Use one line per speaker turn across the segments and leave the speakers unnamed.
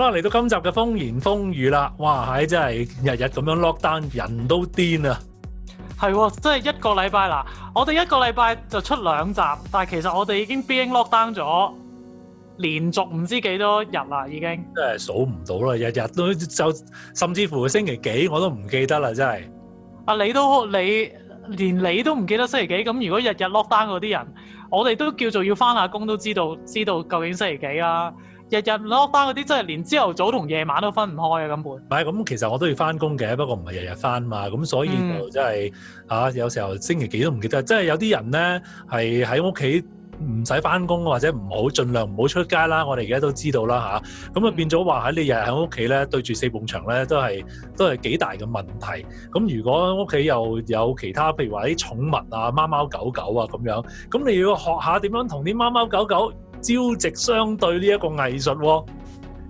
好啦嚟到今集嘅風言風語啦！哇，唉、哎，真係日日咁樣 lock down，人都癲啊！係喎，真係一個禮拜啦，我哋一個禮拜就出兩集，但係其
實我哋已經 being lock down 咗，連續唔知幾多日啦，已經。真係
數唔到啦，日日都就甚至乎星期幾我都唔記得啦，真
係。阿你都你連你都唔記得星期幾？咁如果日日 lock down 嗰啲人，我哋都叫做要返下工都知道知道究竟星期幾啦，啊。日日攞翻嗰啲真係連朝頭
早同夜晚都分唔開啊！根本。唔係咁，其實我都要翻工嘅，不過唔係日日翻嘛，咁所以就真係嚇有時候星期幾都唔記得。真係有啲人咧，係喺屋企唔使翻工或者，唔好盡量唔好出街啦。我哋而家都知道啦嚇，咁啊就變咗話喺你日日喺屋企咧，對住四埲牆，咧都係都係幾大嘅問題。咁如果屋企又有其他譬如話啲寵物啊，貓貓狗狗啊，咁樣，咁你要學下點樣同啲貓貓狗狗？朝夕相對呢一個藝術。哦，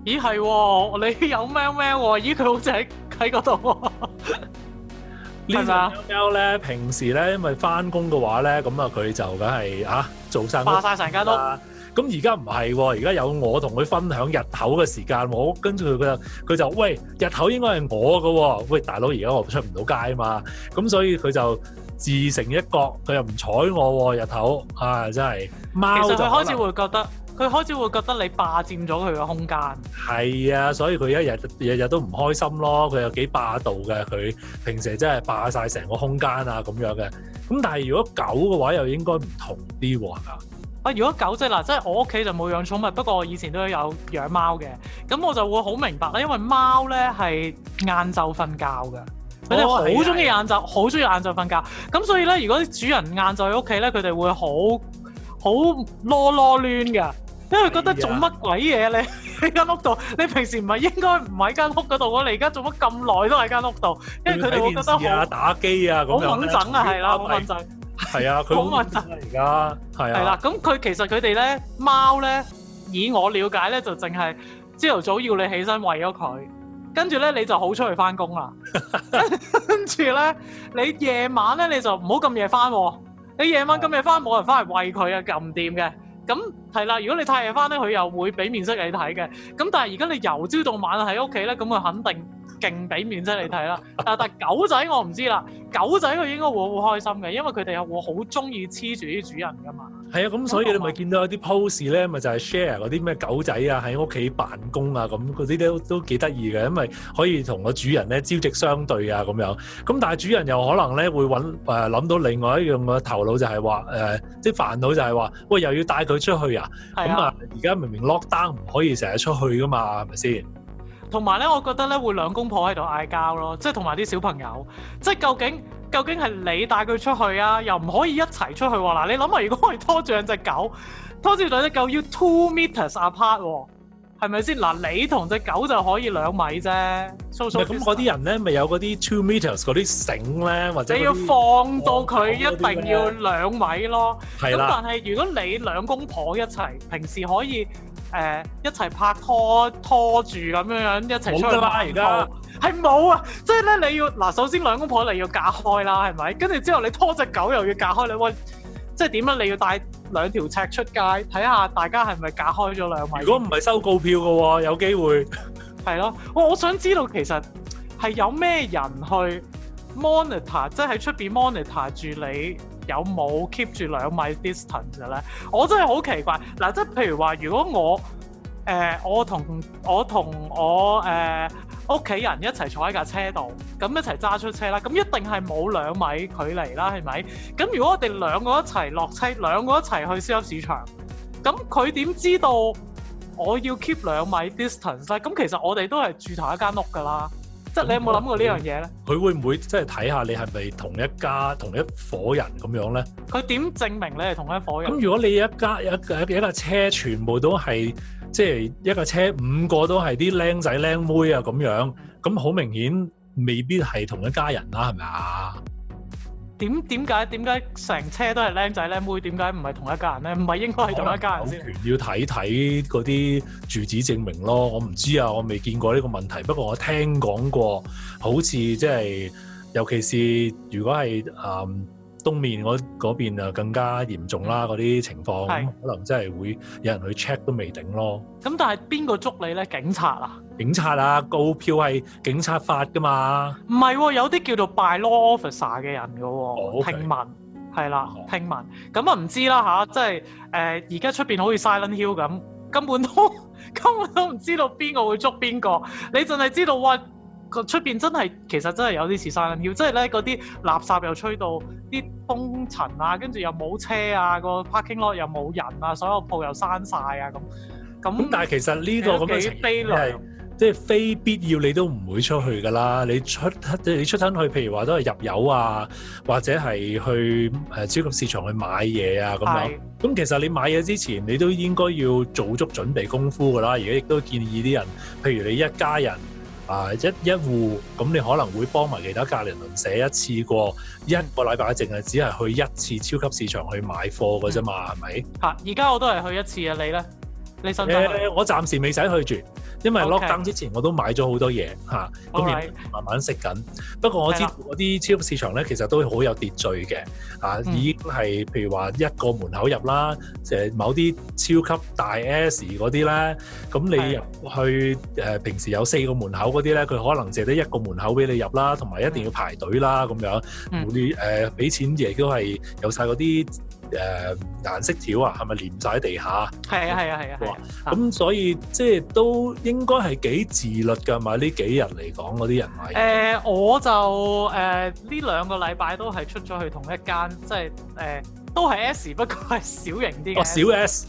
咦係，哦，你有喵喵。咦，佢好似喺喺嗰度。 吧呢個喵喵咧，平時咧，因為翻工嘅話咧，咁啊佢就梗係吓做生化晒成間屋。咁而家唔係，而家有我同佢分享日頭嘅時間。我跟住佢，佢就餵日頭應該係我㗎。喂、哦、喂大佬，而家我出唔到街嘛。咁所以佢就。自成一角，佢又唔睬我喎，日頭啊，真係
貓。其實佢開始會覺得，佢開始會覺得你霸佔咗佢嘅空間。
係啊，所以佢一日日日都唔開心咯。佢又幾霸道嘅，佢平時真係霸晒成個空間啊咁樣嘅。咁但係如果狗嘅話，又應該唔同啲喎，係
咪啊？啊，如果狗即係嗱，即係我屋企就冇養寵物，不過我以前都有養貓嘅，咁我就會好明白啦，因為貓咧係晏晝瞓覺嘅。佢哋好中意晏晝，好中意晏晝瞓覺。咁所以咧，如果啲主人晏晝喺屋企咧，佢哋會好好囉囉攣噶因為覺得做乜、哎、呀鬼嘢你喺間屋度？你平時唔係應該唔喺間屋嗰度？你而家做乜咁耐都喺間屋度？因為佢哋會覺得好、啊、打
機啊，好懵整啊，係啦，好懵整。
係
啊，佢好懵整啊，而家係啊。係啦，
咁佢、啊啊、其實佢哋咧貓咧，以我了解咧、啊啊，就淨係朝頭早要你起身餵咗佢。跟住咧，你就好出去翻工啦。 跟住咧，你夜晚咧，你就唔好咁夜翻喎。你夜晚咁夜翻，冇人翻嚟喂佢啊，咁唔掂嘅。咁係啦，如果你太夜翻咧，佢又會俾面色、嗯、你睇嘅。咁但係而家你由朝到晚喺屋企咧，咁佢肯定勁俾面色你睇啦。 但但狗仔我唔知啦，狗仔佢應該會好開心嘅，因為佢哋又會好中意黐住啲主人噶嘛。
係啊，咁所以你咪見到有啲 post 咧，咪就係 share 嗰啲咩狗仔啊，喺屋企辦公啊，咁嗰啲都都幾得意嘅，因為可以同個主人咧朝夕相對啊，咁樣。咁但係主人又可能咧會揾誒諗到另外一樣嘅頭腦就係話誒，即係煩惱就係話，喂又要帶佢出去啊。咁啊，而家、嗯呃、明明 lock down 唔可以成日出去噶嘛，係咪先？
同埋咧，我覺得咧會兩公婆喺度嗌交咯，即係同埋啲小朋友，即係究竟。究竟係你帶佢出去啊？又唔可以一齊出去喎、啊！嗱、啊，你諗下，如果我哋拖住兩隻狗，拖住兩隻狗要 two meters apart 喎、啊，係咪先？嗱、啊，你同隻狗就可以兩米啫。咁嗰啲
人咧，咪有嗰啲 two meters 嗰啲繩咧，或者你要放到佢一定要
兩米咯。咁、嗯嗯、但係如果你兩公婆一齊，平時可以。誒、呃、一齊拍拖拖住咁樣樣一齊出去拍拖，係冇啊！即係咧你要嗱，首先兩公婆你要隔開啦，係咪？跟住之後你拖隻狗又要隔開，你喂，即係點啊？你要帶兩條尺出街睇下大家係咪隔開咗兩米。如果唔係
收告票嘅喎，有機會。
係 咯，我我想知道其實係有咩人去 monitor，即係喺出邊 monitor 住你。有冇 keep 住兩米 distance 咧？我真係好奇怪。嗱，即係譬如話，如果我誒、呃、我同我同我誒屋企人一齊坐喺架車度，咁一齊揸出車啦，咁一定係冇兩米距離啦，係咪？咁如果我哋兩個一齊落車，兩個一齊去超級市場，咁佢點知道我要 keep 兩米 distance 咧？咁其實我哋都係住同一間屋噶啦。即係你有冇諗過呢樣嘢
咧？佢會唔會即係睇下你係咪同一家同一伙人咁樣咧？佢點證明你係同一伙人？咁如果你一家一架一架車全部都係，即係一架車五個都係啲靚仔靚妹啊咁樣，咁好明顯未必係同一家人啦，係咪啊？
點，點解點解成車都係靚仔靚妹，點解唔係同一家人咧？唔係應該係同一家人先？權
要睇睇嗰啲住址證明咯。我唔知啊，我未見過呢個問題。不過我聽講過，好似即係尤其是如果係誒。呃東面我嗰邊更加嚴重啦，嗰啲情況是可能真係會有人去 check 都未定咯。
咁但係邊個捉你咧？警察啊？
警察啊！告票係警察發噶嘛？唔係喎，有啲叫做 bylaw officer
嘅人噶喎、哦，oh, okay. 聽聞係啦，oh. 聽聞咁啊唔知啦嚇，即係誒而家出邊好似 silent hill 咁，根本都根本都唔知道邊個會捉邊個。你淨係知道話個出邊真係其實真係有啲似 silent hill，即係咧嗰啲垃圾又吹到啲。中塵啊，跟住又冇車啊，個 parking lot 又冇人啊，所有鋪又閂晒啊，咁咁但係其實呢、呢個咁嘅情況係
即係非必要，你都唔會出去噶啦。你出你出親去，譬如話都係入油啊，或者係去誒、啊、超級市場去買嘢啊咁樣。咁是其實你買嘢之前，你都應該要做足準備功夫噶啦。而家亦都建議啲人，譬如你一家人。啊！一一戶咁，你可能會幫埋其他隔離鄰舍一次過、嗯、一個禮拜凈係只係去一次超級市場去買貨嘅啫嘛，係咪，嗯？嚇！
而家我都係去一次啊，你呢？誒，你我
暫時未使去住，因為 lockdown 之前我都買咗好多嘢嚇，咁而 Okay.、啊、慢慢食緊。Okay. 不過我知嗰啲超級市場咧，其實都好有秩序嘅，啊，嗯、已經係譬如話一個門口入啦，就係某啲超級大 S 嗰啲咧，咁你入去誒是、呃，平時有四個門口嗰啲咧，佢可能淨得一個門口俾你入啦，同埋一定要排隊啦，咁、嗯、樣嗰啲誒，俾、呃、錢亦都係有晒嗰啲。誒、uh, 顏色條啊，係咪黏晒地下？係啊， 係啊，係啊，係啊。咁所以即係都應該係幾自律㗎嘛？呢幾日嚟講嗰啲人咪
誒，uh, 我就誒呢兩個禮拜都係出咗去同一間，即係誒、uh, 都係 S，不過係小型啲哦、oh, S.，小 S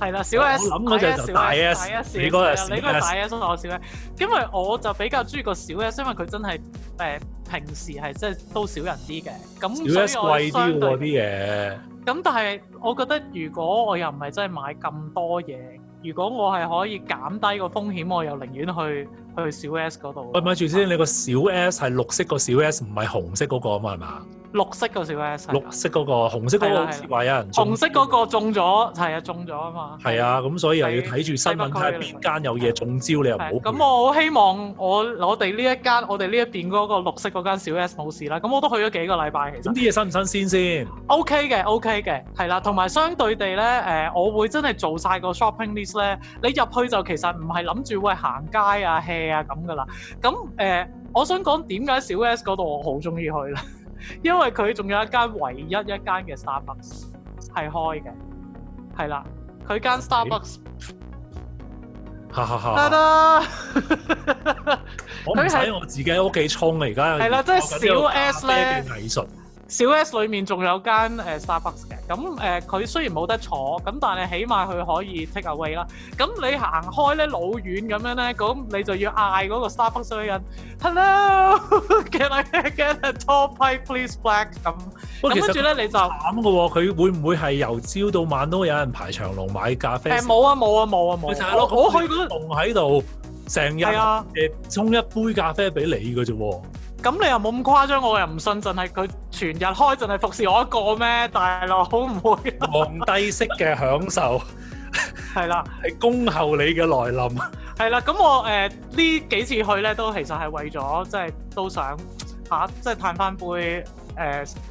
係啦，小 S。我諗嗰就大 S。你個小 S，你個大 S，所以我小 S。 為 S, 小 S, 因為我就比較中意個小 S，因為佢真係誒、呃、平時係即係都少人啲嘅。咁小 S 貴啲喎啲嘢。咁但係，我覺得如果我又唔係真係買咁多嘢，如果我係可以減低個風險，我又寧願去。去小 S 嗰度。喂、
欸，咪住先，對你個小 S 係綠色個小 S，唔係紅色嗰、嗰個啊嘛，係嘛？
綠色個小 S、啊。 綠
色嗰、嗰個，紅色嗰個好似話有人中。啊啊、紅色
嗰個中咗，係啊，中咗啊嘛。
係啊，咁所以又要睇住新聞睇邊間有嘢、啊、中招，你又冇。咁、啊、我
好希望我哋呢一間，我哋呢一邊嗰個綠色嗰間小 S 冇事啦。咁我都去咗幾個禮拜。咁
啲嘢新唔新鮮先
實？OK 嘅，OK 嘅，係啦。同埋相對地咧，誒，我真會真係做晒個 shopping list 咧。你入去就其實唔係諗住喂行街啊。係啊，咁噶啦。咁誒，我想講點解小 S 嗰度我好中意去咧，因為佢仲有一間唯一一間嘅 Starbucks 係開嘅，係啦，佢間 Starbucks，好
好好，得啦。我唔使我自己喺屋企沖啊，而家係啦，即係小 S 咧。藝術
小 S 裏面仲有間誒 Starbucks。咁誒，佢雖然冇得坐，咁但係起碼佢可以 take away 啦。咁你行開咧老遠咁樣咧，咁你就要嗌嗰個 Starbucks 女人，Hello，can I get a top pipe please black？咁咁跟住咧
你就噉㗎喎。佢會唔會係由朝到晚都有人排長龍買咖啡？誒冇、
欸、啊冇啊冇啊冇！佢、啊、就
係攞個桶喺度，成日誒沖一杯咖啡俾你嘅啫喎。
咁你又冇咁誇張，我又唔信，淨係佢全日開，淨係服侍我一個咩？大佬好唔會皇帝式嘅享
受，係啦，係恭候你嘅來臨，
係啦。咁我誒呢幾次去咧，都其實係為咗即係都想吓，即係嘆翻杯誒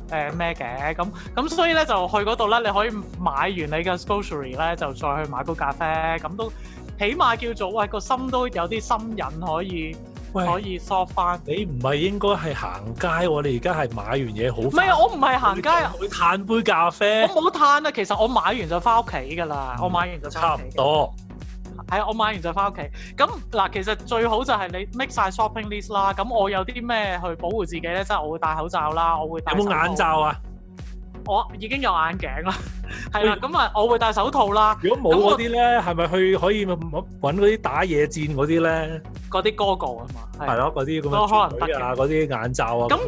誒咩嘅咁咁，所以咧就去嗰度咧，你可以買完你嘅 scourry 咧，就再去買杯咖啡，咁都起碼叫做喂個心都有啲心癮
可以。可以縮翻？喂你唔係應該係行街喎？你而家係買完嘢好。唔係，我
唔係行街啊！
攤杯咖啡。我冇攤啊，其實我買完就翻屋企
㗎啦。我買完就差唔多。係啊，我買完就翻屋企。咁嗱，其實最好就係你 make 晒 shopping list 啦。咁我有啲咩去保護自己咧？即係我會戴口罩啦，我會戴。有冇眼罩啊？我已經有眼鏡啦，係啦，咁啊，我會戴手套啦。如果冇嗰啲咧，
係咪去可以揾揾嗰啲打野戰嗰啲咧？
嗰啲 Goggle 啊嘛，係咯，嗰啲咁樣，可能得呀，
嗰啲眼罩啊。咁，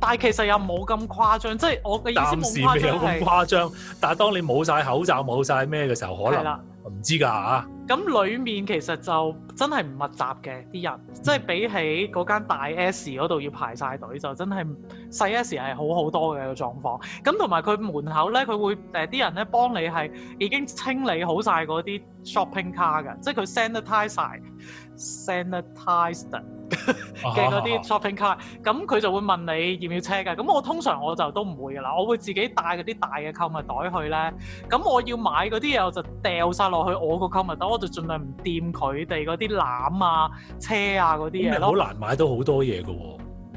但係其實又冇咁誇張，即係我嘅意思冇咁誇張，冇誇
張。但係當你冇曬口罩、冇曬咩嘅時候，可能唔知㗎嚇。
咁裏面其實就真係唔密集嘅啲人，即係比起嗰間大 S 嗰度要排晒隊，就真係細 S 係好好多嘅個狀況。咁同埋佢門口咧，佢會誒啲人咧幫你係已經清理好晒嗰啲 shopping 卡㗎，即係佢 sanitize 晒 sanitised。嘅嗰啲 shopping card，咁佢就會問你要唔要車噶，咁我通常我就都唔會噶啦，我會自己帶嗰啲大嘅購物袋去咧，咁我要買嗰啲嘢我就掉晒落去我個購物袋，我就盡量唔掂佢哋嗰啲籃啊、車啊嗰啲嘢。好難買
到好多嘢噶喎，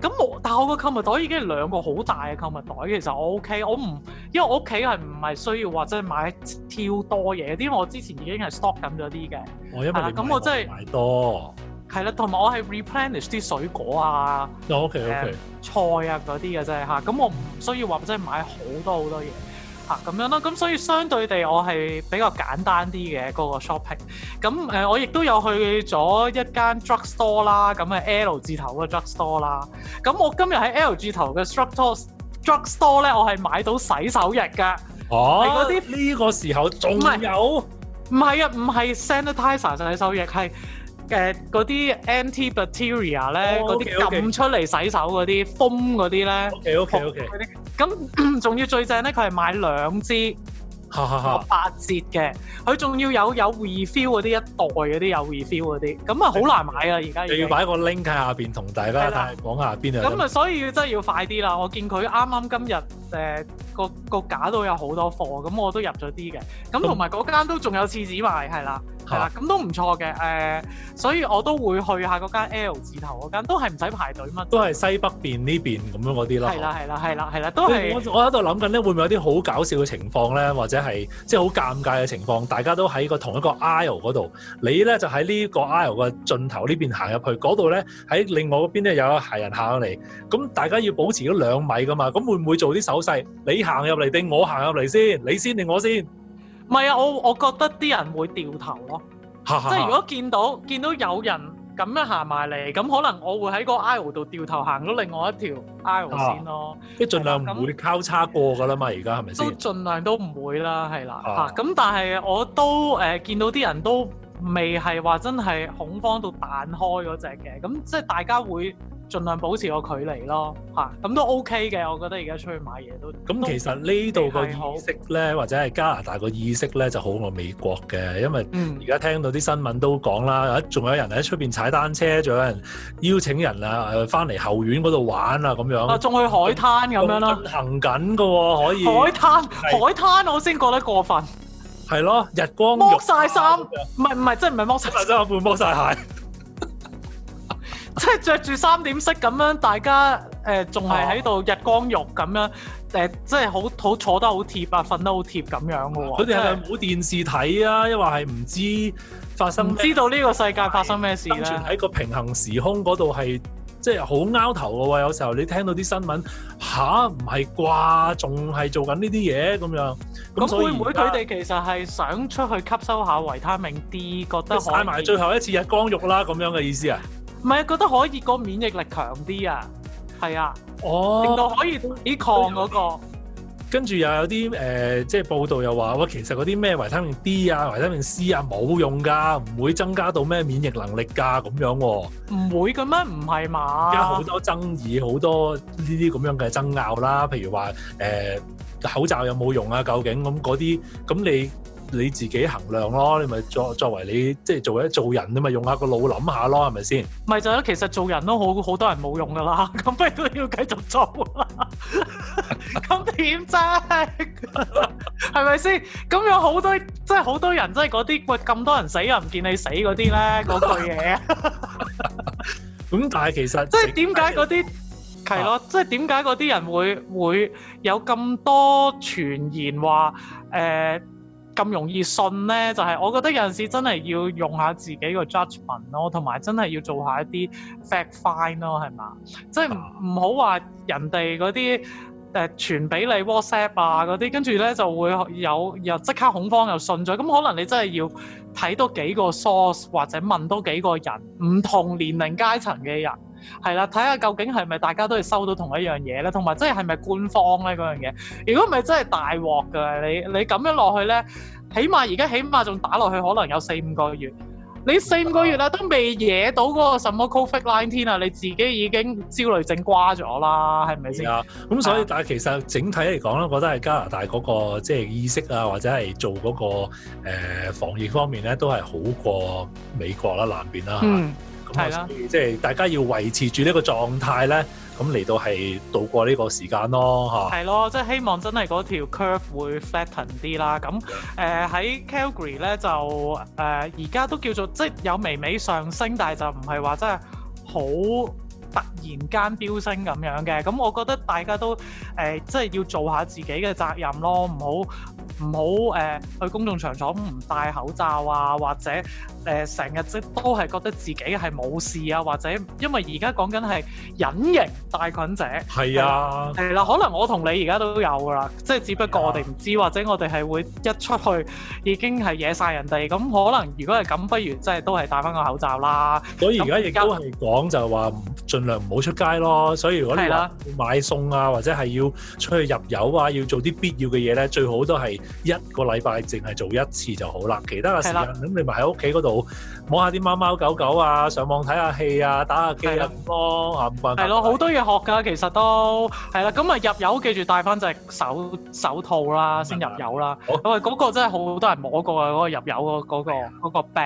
咁我但係我個購物袋已經係兩個好大嘅購物袋，其實我 OK，我唔，因為我屋企係唔係需要話真係買超多嘢，啲我之前已經係 stock 緊咗啲嘅。哦，因為咁我真係買多。係啦，同埋我係 replenish 啲水果啊
，OK OK、呃、
菜啊嗰啲嘅啫嚇，咁、啊、我唔需要話真係買好多好多嘢嚇咁樣咯。咁所以相對地，我係比較簡單啲嘅嗰個 shopping。咁誒、呃，我亦都有去咗一間 drug store 啦、啊，咁嘅 L 字頭嘅 drug store 啦。咁我今日喺 L 字頭嘅 drug store，drug store 咧，我係買到洗手液㗎。哦、啊，係嗰啲呢個時候仲有，唔係啊，唔係 sanitizer 洗手液係。誒嗰啲 anti-bacteria 咧，嗰啲撳出嚟洗手嗰啲 foam 嗰啲咧，OK OK OK，咁仲要最正咧，佢係買兩支八折嘅，佢仲要有有 refill 嗰啲，一袋嗰啲有 refill 嗰啲，咁啊好難買啊！而家要擺
個 link 喺下邊同大家講下邊啊，咁啊
所以要真係要快啲啦！我見佢啱啱今日誒個個架都有好多貨，咁我都入咗啲嘅，咁同埋嗰間都仲有廁紙賣，係啦。係啦，咁都唔錯嘅，誒、呃，所以我都會去下嗰間 L 字頭嗰間，都係唔使排隊啊嘛。
都係西北邊呢邊咁樣嗰啲咯。係啦，係啦，係啦，係啦，都係。我我喺度諗緊咧，會唔會有啲好搞笑嘅情況咧？或者係即係好尷尬嘅情況？大家都喺個同一個 L 嗰度，你咧就喺呢個 L 嘅盡頭呢邊行入去，嗰度咧喺另外嗰邊咧有一行人行入嚟，咁大家要保持咗兩米噶嘛，咁會唔會做啲手勢？你行入嚟定我行入嚟先？你先定我先？唔係啊，我我覺得啲人會掉頭咯， 即係如果見到見到有人咁樣
行埋嚟，咁可能我會喺個 I 路度掉頭行到另外一條 I 路先咯，
啊、即係盡量唔會交叉過噶啦嘛，而家係咪先？係係都
盡量都唔會啦，係啦，嚇咁、 啊、但係我都誒、呃、見到啲人都未係話真係恐慌到彈開嗰隻嘅，咁即係大家會。盡量保持個距離咯，嚇咁都 OK 嘅，我覺得而家出去買嘢都咁其實呢度個意
識咧，或者係加拿大個意識咧，就好過美國嘅，因為而家聽到啲新聞都講啦，仲有人喺出邊踩單車，仲有人邀請人啊，翻嚟後院嗰度玩啊，咁樣啊，仲
去海灘咁樣咯，
行緊㗎喎，可以海灘海
灘我先覺得過分，
係咯，日光晒
衫，唔係唔係，真係唔係曬衫褲，剝晒鞋。即係着住三點式咁樣，大家誒仲係喺度日光浴咁樣誒、啊呃，即係好好坐得好貼啊，瞓得好貼咁樣嘅喎。佢哋係咪冇
電視睇啊？抑或係唔知發生。唔知道呢個世界發生咩事咧？生存喺個平衡時空嗰度係即係好拗頭嘅喎、啊，有時候你聽到啲新聞吓，唔係啩，仲係做緊呢啲嘢咁樣。咁會唔會佢哋
其實係想出去吸收下維他命 D，覺得曬埋最後一
次日光浴啦，咁樣嘅意思啊？
唔係啊，覺得可以個免疫力強啲啊，係啊、哦，令到可以抵抗嗰、那個。嗯嗯、
跟住又有啲誒、呃，即係報道又話，喂、呃，其實嗰啲咩維他命 D 啊、維他命 C 啊冇用噶，唔會增加到咩免疫力能力噶，咁樣喎、
哦。唔會噶咩？唔係嘛。而家好多
爭議，好多呢啲咁樣嘅爭拗啦。譬如話誒、呃，口罩有冇用啊？究竟咁嗰啲咁你？你自己衡量咯，你咪作作為你即係做一做人，你咪用下個腦諗下咯，係咪先？
咪就係其實做人都好好多人冇用噶啦，咁不如都要繼續做啦。咁點啫？係咪先？咁有好多即係好多人，即係嗰啲喂咁多人死又唔見你死嗰啲咧，嗰句嘢。
咁但係其實即係
點解嗰啲係咯？即係點解嗰啲人會會有咁多傳言話誒？呃咁容易信呢？就係、是、我覺得有陣時真係要用下自己個 judgment 咯，同埋真係要做一下一啲 fact find 咯，係嘛？啊、即係唔好話人哋嗰啲誒傳俾你 WhatsApp 啊嗰啲，跟住呢就會有又即刻恐慌又信咗，咁可能你真係要睇多幾個 source 或者問多幾個人唔同年齡階層嘅人。係啦，睇下究竟係咪大家都係收到同一樣嘢咧，同埋即係係咪官方咧嗰樣嘢？如果唔係真係大鑊㗎，你你咁樣落去咧，起碼而家起碼仲打落去，可能有四五個月。你四五個月啦，啊、都未惹到嗰個什麼 COVID-19，你自己已經焦慮症瓜咗啦，係咪先？係啊，咁
所以但係其實整體嚟講咧，覺得係加拿大嗰個即係意識啊，或者係做嗰、那個、呃、防疫方面咧，都係好過美國啦、啊、南邊啦、啊。嗯。係啦，即係大家要維持住呢個狀態咧，咁嚟到係度過呢個時間咯，嚇。係
咯，即係希望真係嗰條 curve 會 flatten 啲啦。咁誒喺 Calgary 咧就誒而家都叫做即係、就是、有微微上升，但係就唔係話真係好突然間飆升咁樣嘅。咁我覺得大家都誒即係要做下自己嘅責任咯，唔好。唔好誒去公眾場所唔戴口罩啊，或者誒成日即都係覺得自己係冇事啊，或者因為而家講緊係隱形帶菌者。係啊，係啦，可能我同你而家都有啦，即係只不過我哋唔知，或者我哋係會一出去已經
係惹曬人哋。咁
可能如果係咁，不如即係都係戴翻個口罩啦。
我而家亦都係講就係話，盡量唔好出街咯。所以如果你要買餸啊，或者係要出去入油啊，要做啲必要嘅嘢咧，最好都係一個禮拜淨係做一次就好啦，其他嘅時間咁你咪喺屋企嗰度摸下啲貓貓狗狗啊，上網睇下戲啊，打下機啊咯，係唔係？係咯，
好多嘢學㗎，其實都係啦。咁咪入油記，記住戴翻隻手手套啦，先入油啦。咁啊，嗰個真係好多人摸過啊，嗰、嗰個入油嗰嗰、嗰個嗰個病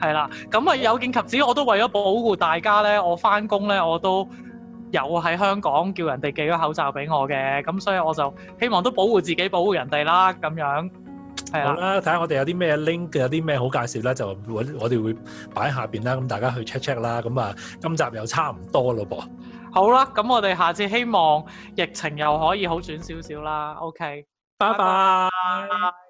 係啦。咁啊，有見及此，我都為咗保護大家咧，我翻工咧我都。有喺香港叫人哋寄咗口罩俾我嘅，咁所以我就希望都保護自己，保護人哋啦，咁樣係
好啦。睇下我哋有啲咩 link 嘅，有啲咩好介紹啦，就揾我哋會擺喺下邊啦，咁大家去 check check 啦。咁啊，今集又差唔多咯噃。
好啦，咁我哋下次希望疫情又可以好轉少少啦。OK，拜拜 bye。Bye bye。